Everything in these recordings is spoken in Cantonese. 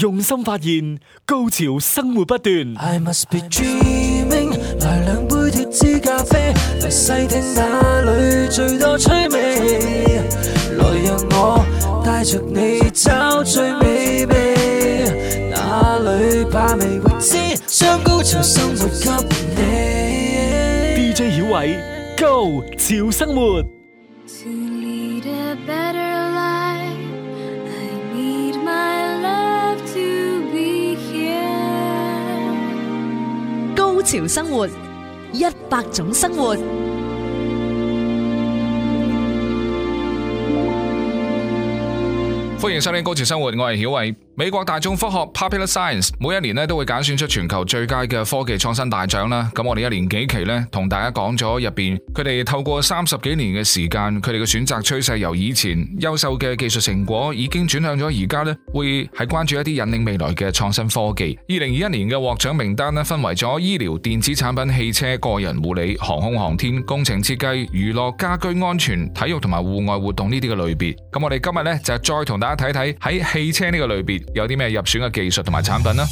用心發現高潮生活不斷。I must be dreaming。來兩杯脫脂咖啡，來細聽哪裏最多趣味。來讓我帶着你找最美味，哪裏把味會知？將高潮生活給你。DJ 曉偉，高潮生活。潮生活，一百種生活。歡迎收聽《高潮生活》，我係曉偉。美國大眾科學 （Popular Science） 每一年呢都會揀選出全球最佳嘅科技創新大獎啦。咁我哋一年幾期呢，同大家講咗，入邊佢哋透過三十幾年嘅時間，佢哋嘅選擇趨勢由以前優秀嘅技術成果，已經轉向咗而家呢會係關注一啲引領未來嘅創新科技。二零二一年嘅獲獎名單呢，分為咗醫療、電子產品、汽車、個人護理、航空航天、工程設計、娛樂、家居、安全、體育同埋戶外活動呢啲嘅類別。咁我哋今日呢，就再同大家睇睇喺汽車呢個類別。有啲咩入選嘅技術同埋產品呢？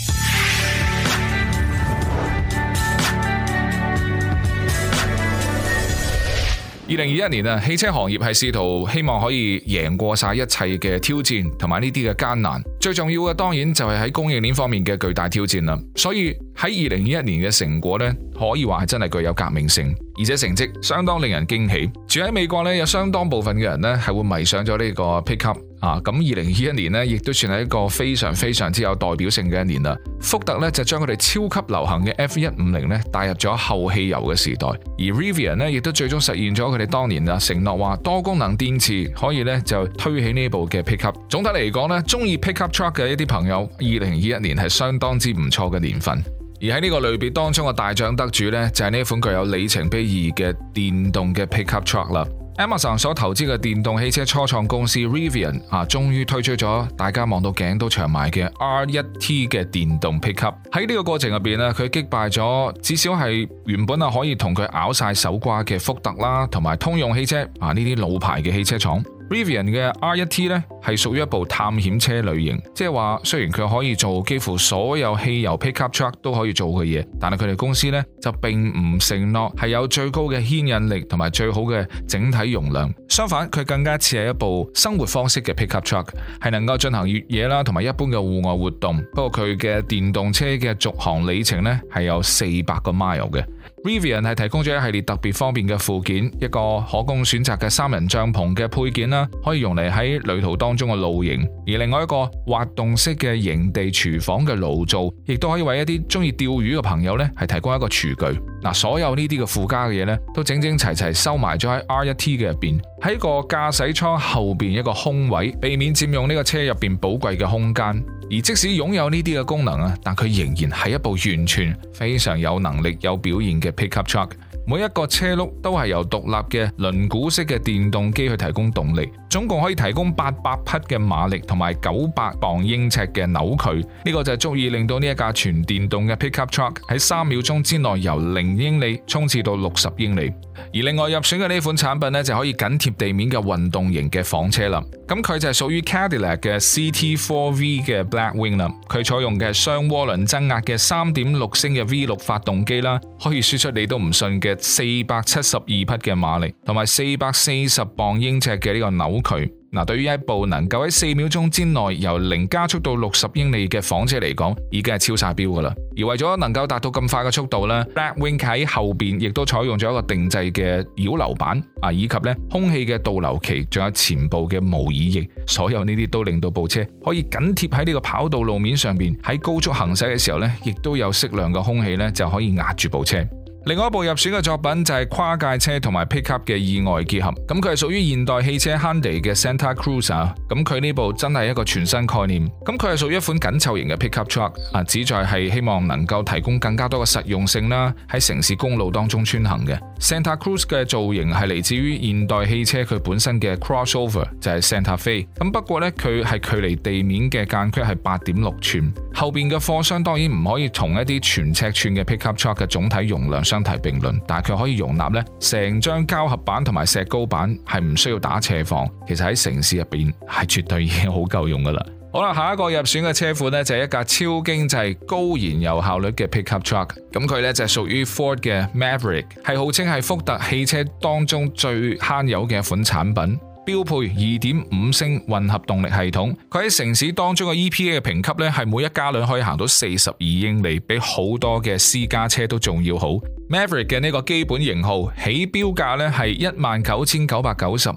二零二一年啊，汽車行業係試圖希望可以贏過晒一切嘅挑戰同埋呢啲嘅艱難。最重要嘅當然就係喺供應鏈方面嘅巨大挑戰啦。所以喺二零二一年嘅成果咧，可以話係真係具有革命性，而且成績相當令人驚喜。住喺美國咧，有相當部分嘅人咧係會迷上咗呢個 pickup。啊，咁二零二一年呢，亦都算係一個非常非常之有代表性嘅一年啦。福特咧就將佢哋超級流行嘅 F 一五零呢帶入咗後汽油嘅時代，而 Rivian 呢，亦都最終實現咗佢哋當年啊承諾話多功能電池可以呢，就推起呢部嘅 pickup。總體嚟講呢，中意 pickup truck 嘅一啲朋友，二零二一年係相當之唔錯嘅年份。而喺呢個類別當中嘅大獎得主呢，就係呢款具有里程碑意義嘅電動嘅 pickup truck 啦。Amazon 所投資嘅電動汽車初創公司 Rivian 啊，終於推出咗大家望到頸都長埋嘅 R1T 嘅電動 Pickup。喺呢個過程入邊啊，佢擊敗咗至少係原本啊可以同佢咬晒手瓜嘅福特啦，同埋通用汽車啊呢啲老牌嘅汽車廠。Rivian 嘅 R1T 咧係屬於一部探險車類型，即係話雖然佢可以做幾乎所有汽油 pickup truck 都可以做嘅嘢，但係佢哋公司咧就並唔承諾係有最高嘅牽引力同埋最好嘅整體容量。相反，佢更加似係一部生活方式嘅 pickup truck，係能夠進行越野啦同埋一般嘅戶外活動。不過佢嘅電動車嘅續航里程咧係有四百個 mile 嘅。Rivian 係提供咗一系列特別方便嘅附件，一個可供選擇嘅三人帳篷嘅配件啦，可以用嚟喺旅途當中嘅露營；而另外一個滑動式嘅營地廚房嘅爐灶，亦都可以為一啲中意釣魚嘅朋友呢係提供一個廚具。嗱，所有呢啲嘅附加嘅嘢呢，都整整齊齊收埋咗喺 R1T 嘅入邊，喺個駕駛艙後邊一個空位，避免佔用呢個車入邊寶貴嘅空間。而即使擁有呢啲嘅功能啊，但佢仍然係一部完全非常有能力有表現嘅 pickup truck。每一個車轆都係由獨立嘅輪轂式嘅電動機去提供動力，總共可以提供八百匹嘅馬力同埋九百磅英尺嘅扭矩。呢個就足以令到呢一架全電動嘅 pickup truck 喺三秒鐘之內由零英里衝刺到六十英里。而另外入選嘅呢款產品咧，就可以緊貼地面嘅運動型嘅房車啦。咁佢就係屬於 Cadillac 嘅 CT4V 嘅 Blackwing 啦。佢採用嘅係雙渦輪增壓嘅3.6升嘅 V6 發動機啦，可以輸出你都唔信嘅472匹嘅馬力，同埋440磅英尺嘅呢個扭矩。嗱，對於一部能夠喺四秒鐘之內由零加速到六十英里嘅房車嚟講，已經係超晒標噶啦。而為咗能夠達到咁快嘅速度呢，Blackwing 喺後邊亦都採用咗一個定制嘅擾流板啊，以及呢空氣嘅導流器，仲有前部嘅模擬翼，所有呢啲都令到部車可以緊貼喺呢個跑道路面上邊，喺高速行駛嘅時候呢，亦都有適量嘅空氣呢就可以壓住部車。另外一部入選嘅作品就係跨界車同埋 pickup 嘅意外結合，咁佢係屬於現代汽車 Hyundai 嘅 Santa Cruz 啊，咁佢呢部真係一個全新概念，咁佢係屬於一款緊湊型嘅 pickup truck 啊，旨在係希望能夠提供更加多嘅實用性啦，喺城市公路當中穿行嘅 Santa Cruz 嘅造型係嚟自於現代汽車佢本身嘅 crossover，就係 Santa Fe，咁不過呢，佢係距離地面嘅間隙係八點六吋，後邊嘅貨箱當然唔可以同一啲全尺寸嘅 pickup truck 嘅總體容量相提並論，但係佢可以容納咧成張膠合板同埋石膏板，係唔需要打斜放。其實喺城市入邊係絕對已經好夠用噶啦。好啦，下一個入選嘅車款呢，就係一架超經濟高燃油效率嘅 pickup truck。咁佢呢，就屬於 Ford 嘅 Maverick，係號稱係福特汽車當中最慳油嘅一款產品。標配二點五升混合動力系統，佢喺城市當中嘅 EPA 嘅評級咧係每一加崙可以行到四十二英里，比好多嘅私家車都仲要好。Maverick 嘅呢個基本型號起標價咧係一萬九千九百九十五，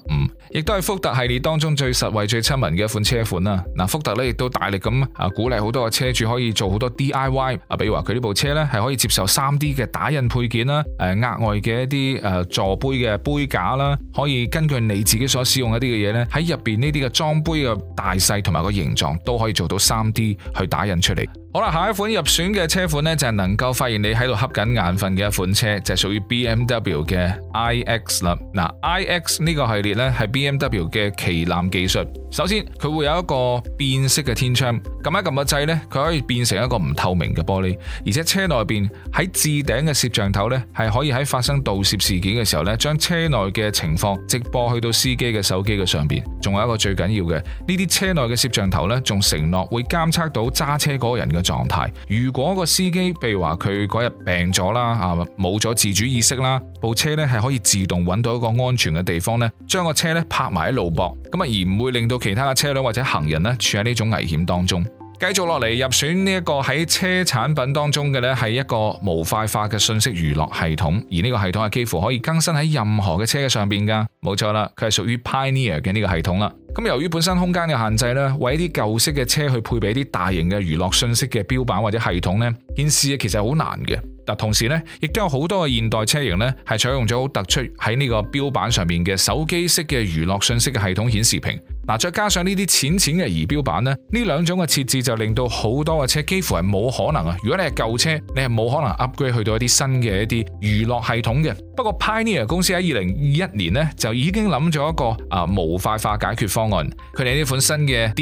亦都係福特系列當中最實惠、最親民嘅一款車款啦。嗱，福特咧亦都大力咁啊鼓勵好多嘅車主可以做好多 DIY，啊，比如話佢呢部車咧係可以接受 3D 嘅打印配件啦，誒，額外嘅一啲誒座杯嘅杯架啦，可以根據你自己所需。用一啲嘅嘢呢，喺入邊呢啲嘅裝杯嘅大細同埋個形狀都可以做到三 D 去打印出嚟。好啦，下一款入選嘅車款呢，就係、是、能夠發現你喺度瞌緊眼瞓嘅一款車，就係、是、屬於 BMW 嘅 iX 啦。嗱，iX 呢個系列呢，係 BMW 嘅旗艦技術。首先，佢會有一個變色嘅天窗，撳一撳個掣呢，佢可以變成一個唔透明嘅玻璃，而且車內邊喺置頂嘅攝像頭呢，係可以喺發生盜攝事件嘅時候呢，將車內嘅情況直播去到司機嘅手機嘅上邊。仲有一個最緊要嘅，呢啲車內嘅攝像頭呢，仲承諾會監測到揸車嗰個人嘅狀態。如果個司機，譬如話佢嗰日病咗啦，啊冇咗自主意識啦，部車呢係可以自動揾到一個安全嘅地方呢，將個車呢泊埋喺路膊，咁啊而唔會令到。其他嘅車輛或者行人呢，處喺呢種危險當中。繼續落嚟，入選呢一個喺車產品當中嘅呢，係一個模塊化嘅信息娛樂系統，而呢個系統係幾乎可以更新喺任何嘅車嘅上邊噶。冇錯啦，佢係屬於 Pioneer 嘅呢個系統啦。咁由於本身空間嘅限制呢，為一啲舊式嘅車去配備一啲大型嘅娛樂信息嘅標板或者系統呢，顯示其實好難嘅。但同時呢，亦都有好多嘅現代車型呢，係採用咗好突出喺呢個標板上面嘅手機式嘅娛樂信息嘅系統顯示屏。嗱，再加上呢啲淺淺嘅儀表板咧，呢兩種嘅設置就令到好多嘅車幾乎係冇可能啊！如果你係舊車，你係冇可能 upgrade 去到一啲新嘅一啲娛樂系統嘅。不過 Pioneer 公司喺二零二一年呢，就已經諗咗一個啊模塊化解決方案。佢哋呢款新嘅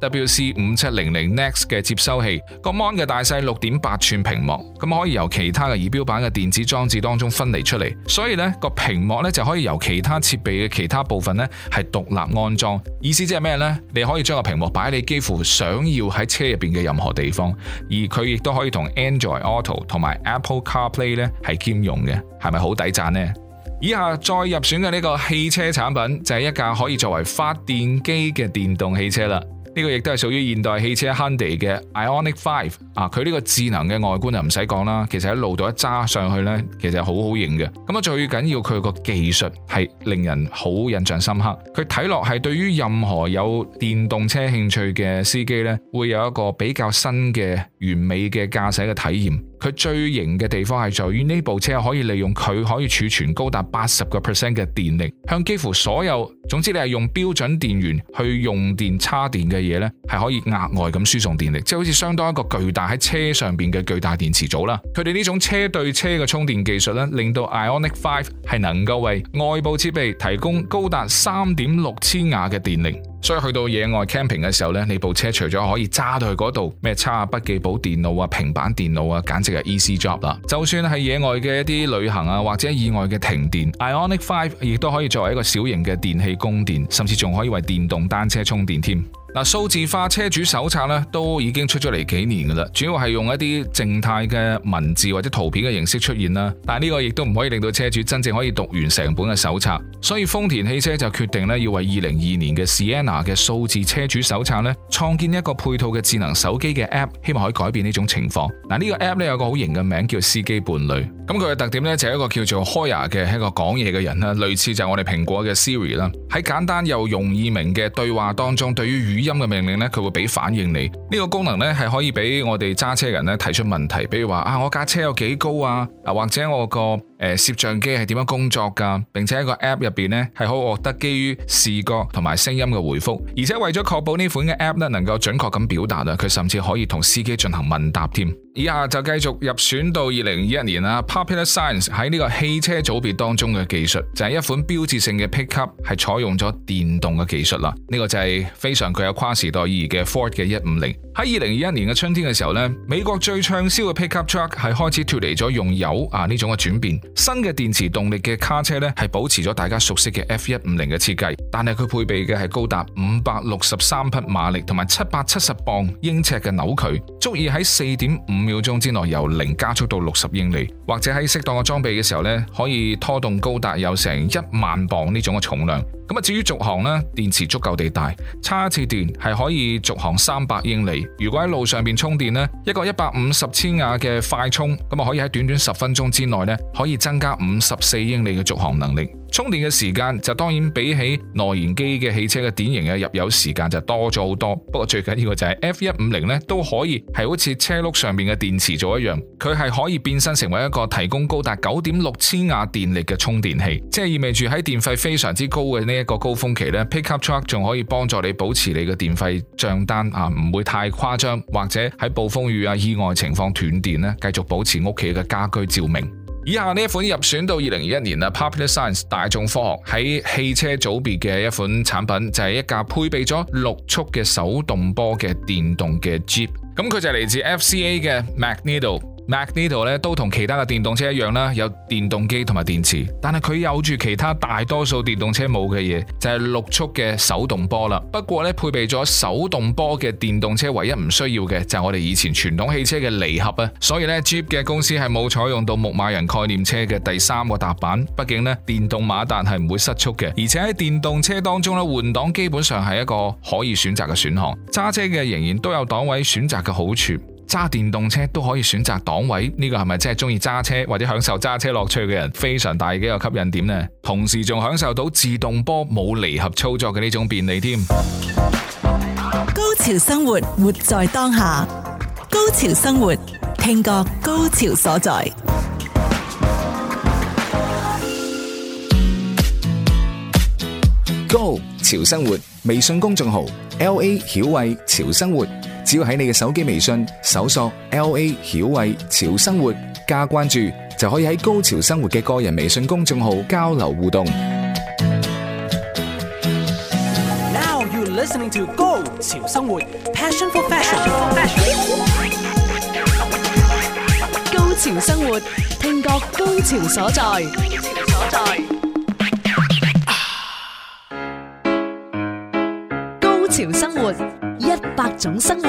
DMHWC 五七零零 NEX 嘅接收器，個 mon 嘅大細六點八吋屏幕，咁可以由其他嘅儀表板嘅電子裝置當中分離出嚟，所以呢個屏幕呢，就可以由其他設備嘅其他部分呢，係獨立。安裝意思即係咩呢？你可以將個屏幕擺喺你幾乎想要喺車入邊嘅任何地方，而佢亦都可以同 Android Auto 同埋 Apple CarPlay 咧係兼容嘅，係咪好抵讚？呢？以下再入選嘅呢個汽車產品就係一架可以作為發電機嘅電動汽車啦。呢個亦都係屬於現代汽車 Hyundai 嘅 Ionic Five 啊，佢呢個智能嘅外觀就唔使講啦，其實喺路度一揸上去呢，其實好好型嘅。咁啊，最緊要佢個技術係令人好印象深刻，佢睇落係對於任何有電動車興趣嘅司機呢，會有一個比較新嘅完美嘅駕駛嘅體驗。佢最型嘅地方係在於呢部車可以利用佢可以儲存高達八十個 percent 嘅電力，向幾乎所有總之你係用標準電源去用電插電嘅嘢呢，係可以額外咁輸送電力，即係好似相當一個巨大喺車上邊嘅巨大電池組啦。佢哋呢種車對車嘅充電技術呢，令到 Ioniq 5係能夠為外部設備提供高達三點六千瓦嘅電力。所以去到野外 camping 嘅時候呢，你部車除咗可以揸到去嗰度，咩叉啊、筆記簿電腦啊、平板電腦啊，簡直係 easy job 啦。就算係野外嘅一啲旅行啊，或者意外嘅停電，Ionic Five 亦都可以作為一個小型嘅電器供電，甚至仲可以為電動單車充電添。嗱，數字化車主手冊咧，都已經出咗嚟幾年噶啦，主要係用一啲靜態嘅文字或者圖片嘅形式出現啦。但係呢個亦都唔可以令到車主真正可以讀完成本嘅手冊。所以豐田汽車就決定咧，要為2022年嘅 Sienna 嘅數字車主手冊咧，創建一個配套嘅智能手機嘅 App，希望可以改變呢種情況。嗱，呢個 App 咧，有個好型嘅名叫司機伴侶。咁佢嘅特點咧就係一個叫做 Hoya 嘅、係、一個講嘢嘅人啦，類似就係我哋蘋果嘅 Siri 啦。喺簡單又容易明嘅對話當中，對於語語音嘅命令咧，佢會俾反應你。呢個功能咧係可以俾我哋揸車人咧提出問題，比如話啊，我架車有幾高啊，啊或者我個。誒攝像機係點樣工作㗎？並且喺個 App 入邊呢，係好獲得基於視覺同埋聲音嘅回覆，而且為咗確保呢款嘅 App 呢，能夠準確咁表達啊，佢甚至可以同司機進行問答添。以下就繼續入選到二零二一年啦。Popular Science 喺呢個汽車組別當中嘅技術就係、是、一款標誌性嘅 pickup 係採用咗電動嘅技術啦。呢、這個就係非常具有跨時代意義嘅 Ford 嘅一五零。喺二零二一年嘅春天嘅時候呢，美國最暢銷嘅 pickup truck 係開始脱離咗用油啊呢種嘅轉變。新嘅電池動力嘅卡車呢，係保持咗大家熟悉嘅 F 一五零嘅設計，但係佢配備嘅係高達五百六十三匹馬力同埋七百七十磅英尺嘅扭矩。足以喺四點五秒鐘之內由零加速到六十英里，或者喺適當嘅裝備嘅時候呢，可以拖動高達有成一萬磅呢種嘅重量。咁啊，至於續航呢，電池足夠地大，差一次電係可以續航三百英里。如果喺路上邊充電呢，一個一百五十千瓦嘅快充，咁啊可以喺短短十分鐘之內呢，可以增加五十四英里嘅續航能力。充電嘅時間就當然比起內燃機嘅汽車嘅典型嘅入油時間就多咗好多。不過最緊要嘅就係 F 一五零呢都可以係好似車轆上面嘅電池組一樣，佢係可以變身成為一個提供高達九點六千瓦電力嘅充電器，即係意味住喺電費非常之高嘅呢一個高峰期呢，啊，pickup truck 仲可以幫助你保持你嘅電費賬單啊唔會太誇張，或者喺暴風雨啊意外情況斷電呢，繼續保持屋企嘅家居照明。以下呢一款入選到二零二一年啊，Popular Science 大眾科學喺汽車組別嘅一款產品就係、是、一架配備咗六速嘅手動波嘅電動嘅 Jeep，咁佢就係嚟自 FCA 嘅 Magneto Mac 呢度咧都同其他嘅電動車一樣啦，有電動機同埋電池，但係佢有住其他大多數電動車冇嘅嘢，就係六速嘅手動波啦。不過咧，配備咗手動波嘅電動車唯一唔需要嘅就係我哋以前傳統汽車嘅離合啊。所以咧，Jeep 嘅公司係冇採用到牧馬人概念車嘅第三個踏板，畢竟呢，電動馬達係唔會失速嘅，而且喺電動車當中咧換檔基本上係一個可以選擇嘅選項，揸車嘅仍然都有檔位選擇嘅好處。揸電動車都可以選擇檔位，呢個係咪真係中意揸車或者享受揸車樂趣嘅人非常大嘅一個吸引點呢？同時仲享受到自動波冇離合操作嘅呢種便利添。高潮生活，活在當下。高潮生活，聽覺高潮所在。高潮生活微信公眾號：L A 曉慧，潮生活。只要喺你嘅手機微信搜索 LA 曉慧潮生活加關注，就可以喺高潮生活嘅個人微信公眾號交流互動。Now you're listening to 高潮生活，Passion for fashion。高潮生活，聽覺高潮所在。高潮種生活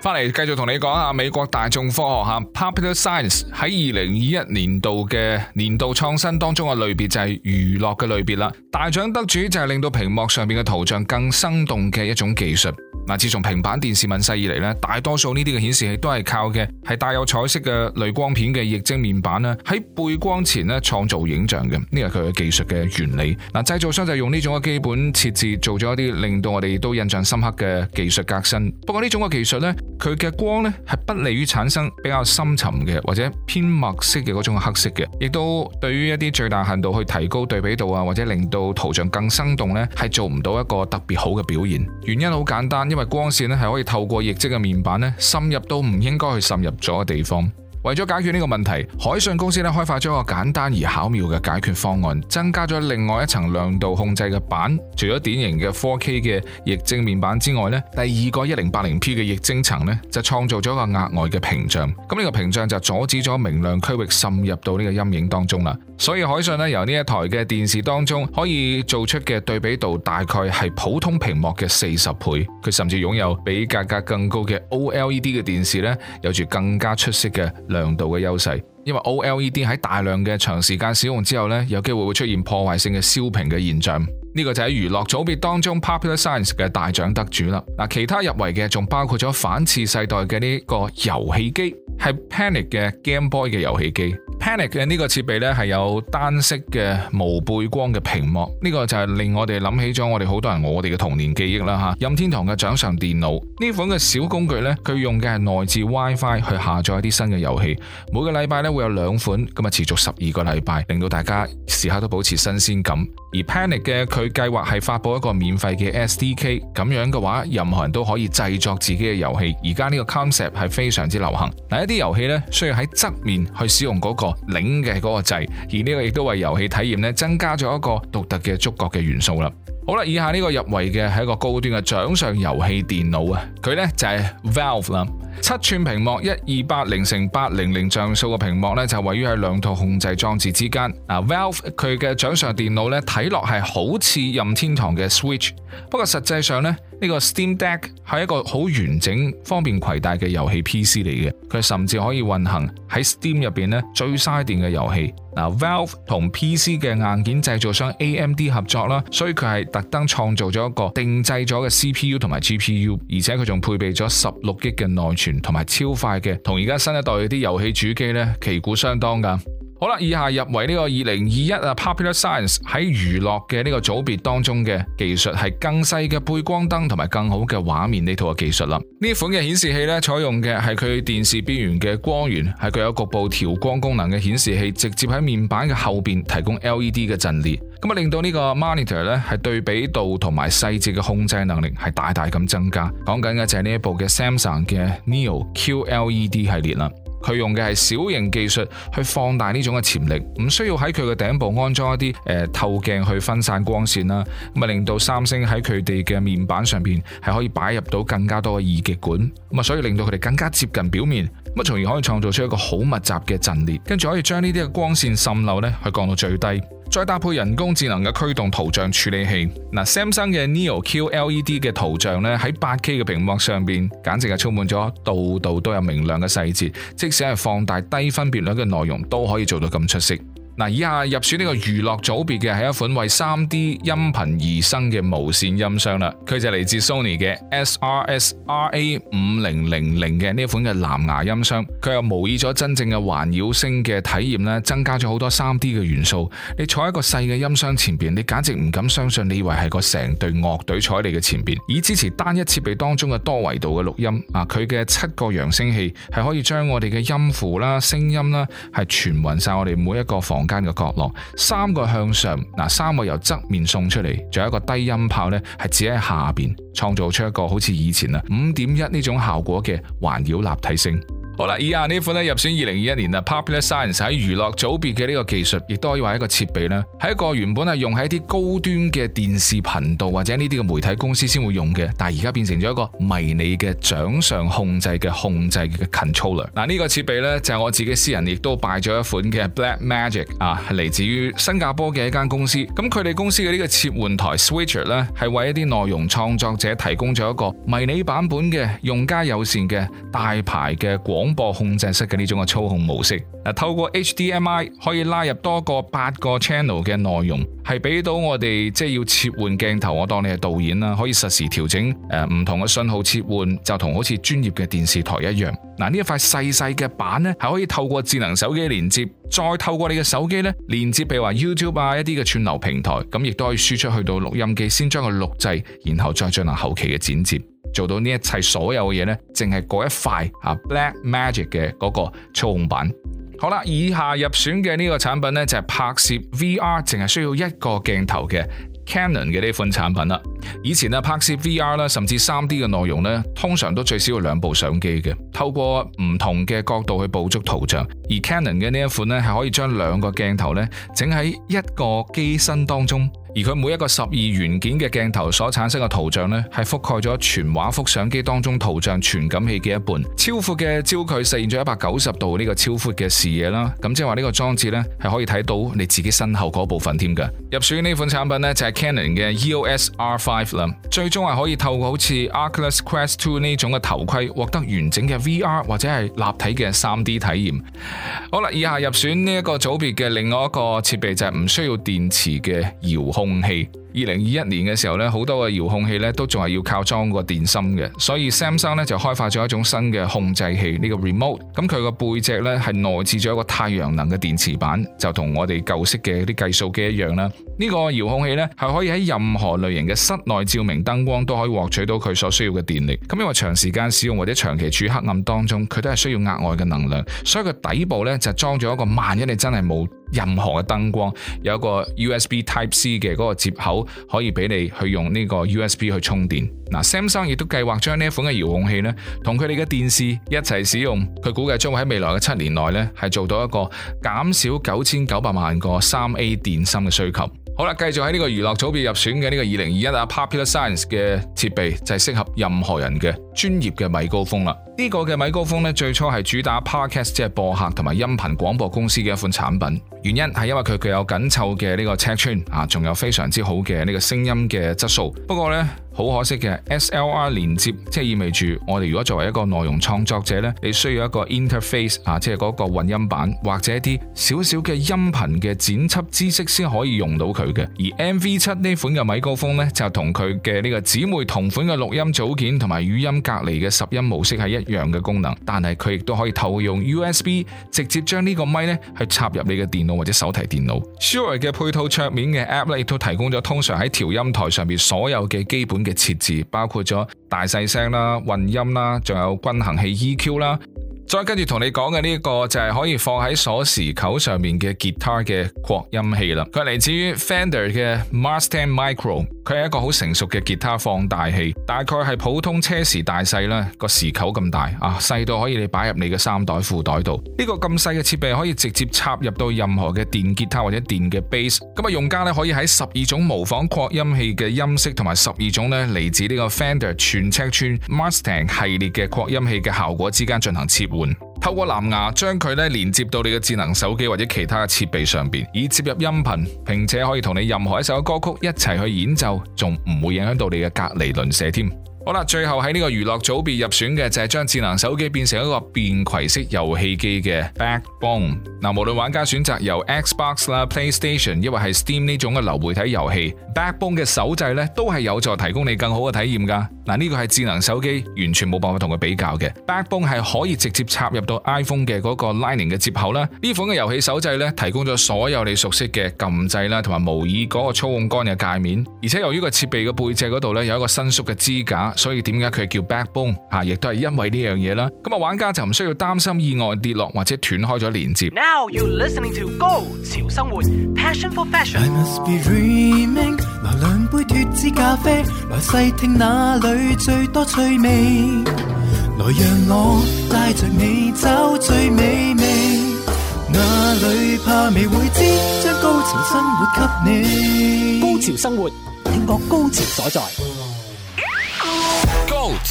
翻嚟繼續同你講下美國大眾科學嘅 （Popular Science） 喺二零二一年度嘅年度創新當中嘅類別就係娛樂嘅類別啦。大獎得主就係令到屏幕上面嘅圖像更生動嘅一種技術。嗱，自從平板電視問世以嚟咧，大多數呢啲嘅顯示器都係靠嘅係帶有彩色嘅濾光片嘅液晶面板啦，喺背光前咧創造影像嘅，呢個係佢嘅技術嘅原理。嗱，製造商就用呢種嘅基本設置做咗一啲令到我哋都印象深刻嘅技術革新。不過呢種嘅技術咧，佢嘅光咧係不利於產生比較深沉嘅或者偏墨色嘅嗰種黑色嘅，亦都對於一啲最大限度去提高對比度啊，或者令到圖像更生動咧，係做唔到一個特別好嘅表現。原因好簡單。因為光線咧係可以透過液晶嘅面板咧，滲入到唔應該去滲入咗嘅地方。為咗解決呢個問題，海信公司咧開發咗一個簡單而巧妙嘅解決方案，增加咗另外一層亮度控制嘅板。除咗典型嘅 4K 嘅液晶面板之外呢，第二個 1080P 嘅液晶層呢，就創造咗一個額外嘅屏障。咁、這、呢個屏障就阻止咗明亮區域滲入到呢個陰影當中啦。所以海信咧由呢一台嘅電視當中可以做出嘅對比度大概係普通屏幕嘅四十倍。佢甚至擁有比價格，格更高嘅 OLED 嘅電視呢，有住更加出色嘅，亮度嘅優勢，因為 OLED 喺大量嘅長時間使用之後咧，有機會會出現破壞性嘅燒屏嘅現象。呢個就係娛樂組別當中 Popular Science 嘅大獎得主啦。嗱，其他入圍嘅仲包括咗反次世代嘅呢個遊戲機，係 Panic 嘅 Game Boy 嘅遊戲機。Panic 嘅呢個設備呢，係有單色嘅無背光嘅屏幕，呢個就係令我哋諗起咗我哋好多人我哋嘅童年記憶啦。吓，任天堂嘅掌上電腦呢款嘅小工具呢，佢用嘅係內置 WiFi 去下載一啲新嘅遊戲。每個禮拜呢，會有兩款，咁日持續十二個禮拜，令到大家時刻都保持新鮮感。而 Panic 嘅佢計劃係發佈一個免費嘅 SDK，咁樣嘅話，任何人都可以製作自己嘅遊戲。而家呢個 concept 係非常之流行。但一啲遊戲呢，需要喺側面去使用嗰個擰嘅嗰個掣，而呢個亦都為遊戲體驗呢，增加咗一個獨特嘅觸覺嘅元素啦。好啦，以下呢個入圍嘅係一個高端嘅掌上遊戲電腦啊，佢呢就係 Valve 啦，七寸屏幕，一二八零乘八零零像素嘅屏幕呢就位於喺兩套控制裝置之間啊，Valve 佢嘅掌上電腦呢睇落係好似任天堂嘅 Switch，不過實際上呢。呢個 Steam Deck 係一個好完整、方便攜帶嘅遊戲 PC 嚟嘅，佢甚至可以運行喺 Steam 入邊咧最嘥電嘅遊戲。嗱，Valve 同 PC 嘅硬件製造商 AMD 合作啦，所以佢係特登創造咗一個定製咗嘅 CPU 同埋 GPU，而且佢仲配備咗十六 G 嘅內存同埋超快嘅，同而家新一代嗰啲遊戲主機呢，旗鼓相當㗎。好啦，以下入圍呢個二零二一啊，Popular Science 喺娛樂嘅呢個組別當中嘅技術係更細嘅背光燈同埋更好嘅畫面呢套嘅技術啦。呢款嘅顯示器咧，採用嘅係佢電視邊緣嘅光源，係具有局部調光功能嘅顯示器，直接喺面板嘅後邊提供 LED 嘅陣列，咁啊令到個呢個 monitor 咧係對比度同埋細節嘅控制能力係大大咁增加。講緊嘅就係呢一部嘅 Samsung 嘅 Neo QLED 系列啦。佢用嘅係小型技術去放大呢種嘅潛力，唔需要喺佢嘅頂部安裝一啲誒、呃、透鏡去分散光線啦，咪、啊、令到三星喺佢哋嘅面板上邊係可以擺入到更加多嘅二極管，咁啊所以令到佢哋更加接近表面，咁啊從而可以創造出一個好密集嘅陣列，跟住可以將呢啲嘅光線滲漏呢去降到最低。再搭配人工智能嘅驅動圖像處理器，嗱，Samsung 嘅 Neo QLED 嘅圖像咧喺 8K 嘅屏幕上邊，簡直係充滿咗，度度都有明亮嘅細節，即使係放大低分辨率嘅內容都可以做到咁出色。嗱，以下入選呢個娛樂組別嘅係一款為 3D 音頻而生嘅無線音箱啦，佢就嚟自 Sony 嘅 SRS-RA5000 嘅呢款嘅藍牙音箱，佢又模擬咗真正嘅環繞聲嘅體驗咧，增加咗好多 3D 嘅元素。你坐喺個細嘅音箱前邊，你簡直唔敢相信，你以為係個成隊樂隊坐喺你嘅前邊。以支持單一設備當中嘅多維度嘅錄音，啊，佢嘅七個揚聲器係可以將我哋嘅音符啦、聲音啦係傳匀晒我哋每一個房，間嘅角落，三個向上，嗱，三個由側面送出嚟，仲有一個低音炮呢，係指喺下邊，創造出一個好似以前啊五點一呢種效果嘅環繞立體聲。好啦，以下、啊、呢款咧入選二零二一年啊，Popular Science 喺、啊、娛樂組別嘅呢個技術，亦都可以話一個設備啦。係一個原本係用喺一啲高端嘅電視頻道或者呢啲嘅媒體公司先會用嘅，但係而家變成咗一個迷你嘅掌上控制嘅控制嘅 controller。嗱、啊、呢、這個設備咧就係、是、我自己私人亦都買咗一款嘅 Black Magic 啊，係嚟自於新加坡嘅一間公司。咁佢哋公司嘅、er、呢個切換台 Switcher 咧係為一啲內容創作者提供咗一個迷你版本嘅用家友善嘅大牌嘅廣。廣播控制室嘅呢種嘅操控模式，嗱、啊、透過 HDMI 可以拉入多個八個 channel 嘅內容，係俾到我哋即係要切換鏡頭，我當你係導演啦，可以實時調整誒、啊、唔同嘅信號切換，就同好似專業嘅電視台一樣。嗱、啊、呢一塊細細嘅板咧，係可以透過智能手機連接，再透過你嘅手機咧連接譬如話 YouTube 啊一啲嘅串流平台，咁亦都可以輸出去到錄音機，先將佢錄製，然後再進行後期嘅剪接。做到呢一切所有嘅嘢呢，淨係嗰一塊啊 Black Magic 嘅嗰個操控板。好啦，以下入選嘅呢個產品呢，就係拍攝 VR 淨係需要一個鏡頭嘅 Canon 嘅呢款產品啦。以前啊拍攝 VR 啦，甚至 3D 嘅內容呢，通常都最少要兩部相機嘅，透過唔同嘅角度去捕捉圖像。而 Canon 嘅呢一款呢，係可以將兩個鏡頭呢整喺一個機身當中。而佢每一個十二元件嘅鏡頭所產生嘅圖像咧，係覆蓋咗全畫幅相機當中圖像傳感器嘅一半。超闊嘅焦距實現咗一百九十度呢個超闊嘅視野啦。咁即係話呢個裝置咧係可以睇到你自己身後部分添嘅。入選呢款產品咧就係 Canon 嘅 EOS R5 啦。最終係可以透過好似 Oculus Quest Two 呢種嘅頭盔，獲得完整嘅 VR 或者係立體嘅三 D 體驗。好啦，以下入選呢一個組別嘅另外一個設備就係唔需要電池嘅遙控。空氣。二零二一年嘅時候咧，好多嘅遙控器咧都仲係要靠裝個電芯嘅，所以 Samsung 咧就開發咗一種新嘅控制器呢個 remote。咁佢個背脊咧係內置咗一個太陽能嘅電池板，就同我哋舊式嘅啲計數機一樣啦。呢個遙控器咧係可以喺任何類型嘅室內照明燈光都可以獲取到佢所需要嘅電力。咁因為長時間使用或者長期處於黑暗當中，佢都係需要額外嘅能量，所以佢底部咧就裝咗一個萬一你真係冇任何嘅燈光，有一個 USB Type C 嘅嗰個接口。可以俾你去用呢個 USB 去充電。嗱，Samsung 亦都計劃將呢一款嘅遙控器咧，同佢哋嘅電視一齊使用。佢估計將會喺未來嘅七年內咧，係做到一個減少九千九百萬個三 A 電芯嘅需求。好啦，繼續喺呢個娛樂組別入選嘅呢個二零二一啊 Popular Science 嘅設備就係適合任何人嘅。專業嘅米高峰啦，呢個嘅米高峰咧，最初係主打 podcast 即係播客同埋音頻廣播公司嘅一款產品，原因係因為佢具有緊湊嘅呢個尺寸啊，仲有非常之好嘅呢個聲音嘅質素。不過呢，好可惜嘅，SLR 連接即係意味住我哋如果作為一個內容創作者咧，你需要一個 interface 啊，即係嗰個混音板，或者一啲少少嘅音頻嘅剪輯知識先可以用到佢嘅。而 MV7 呢款嘅米高峰呢，就同佢嘅呢個姊妹同款嘅錄音組件同埋語音。隔籬嘅拾音模式係一樣嘅功能，但係佢亦都可以透過用 USB 直接將呢個咪咧去插入你嘅電腦或者手提電腦。Sure 嘅配套桌面嘅 App 咧亦都提供咗通常喺調音台上面所有嘅基本嘅設置，包括咗大細聲啦、混音啦、仲有均衡器 EQ 啦。再跟住同你講嘅呢一個就係可以放喺鎖匙扣上面嘅吉他嘅擴音器啦，佢係嚟自於 Fender 嘅 Mustang Micro。佢係一個好成熟嘅吉他放大器，大概係普通車匙大細啦，個匙口咁大啊，細到可以你擺入你嘅衫袋、褲袋、褲袋度。呢個咁細嘅設備可以直接插入到任何嘅電吉他或者電嘅 bass，咁啊，用家咧可以喺十二種模仿擴音器嘅音色同埋十二種呢嚟自呢個 Fender 全尺寸 Mustang 系列嘅擴音器嘅效果之間進行切換。透過藍牙將佢咧連接到你嘅智能手機或者其他嘅設備上面，以接入音頻，並且可以同你任何一首歌曲一齊去演奏，仲唔會影響到你嘅隔離鄰舍添。好啦，最後喺呢個娛樂組別入選嘅就係將智能手機變成一個便攜式遊戲機嘅 Backbone。嗱，無論玩家選擇由 Xbox 啦、PlayStation 抑或係 Steam 呢種嘅流媒體遊戲，Backbone 嘅手掣呢都係有助提供你更好嘅體驗噶。嗱，呢個係智能手機完全冇辦法同佢比較嘅。Backbone 係可以直接插入到 iPhone 嘅嗰個 Lightning 嘅接口啦。呢款嘅遊戲手掣呢，提供咗所有你熟悉嘅撳掣啦，同埋模擬嗰個操控杆嘅界面。而且由於個設備嘅背脊嗰度呢，有一個伸縮嘅支架。所以點解佢叫 backbone 啊？亦都係因為呢樣嘢啦。咁啊，玩家就唔需要擔心意外跌落或者斷開咗連接。Now you listening to 高潮生活，Passion for Fashion。I must be dreaming。嚟兩杯脫脂咖啡，嚟細聽，哪裏最多趣味，嚟讓我帶着你走最美味，哪裏怕未會知，將高潮生活給你。高潮生活，聽我高潮所在。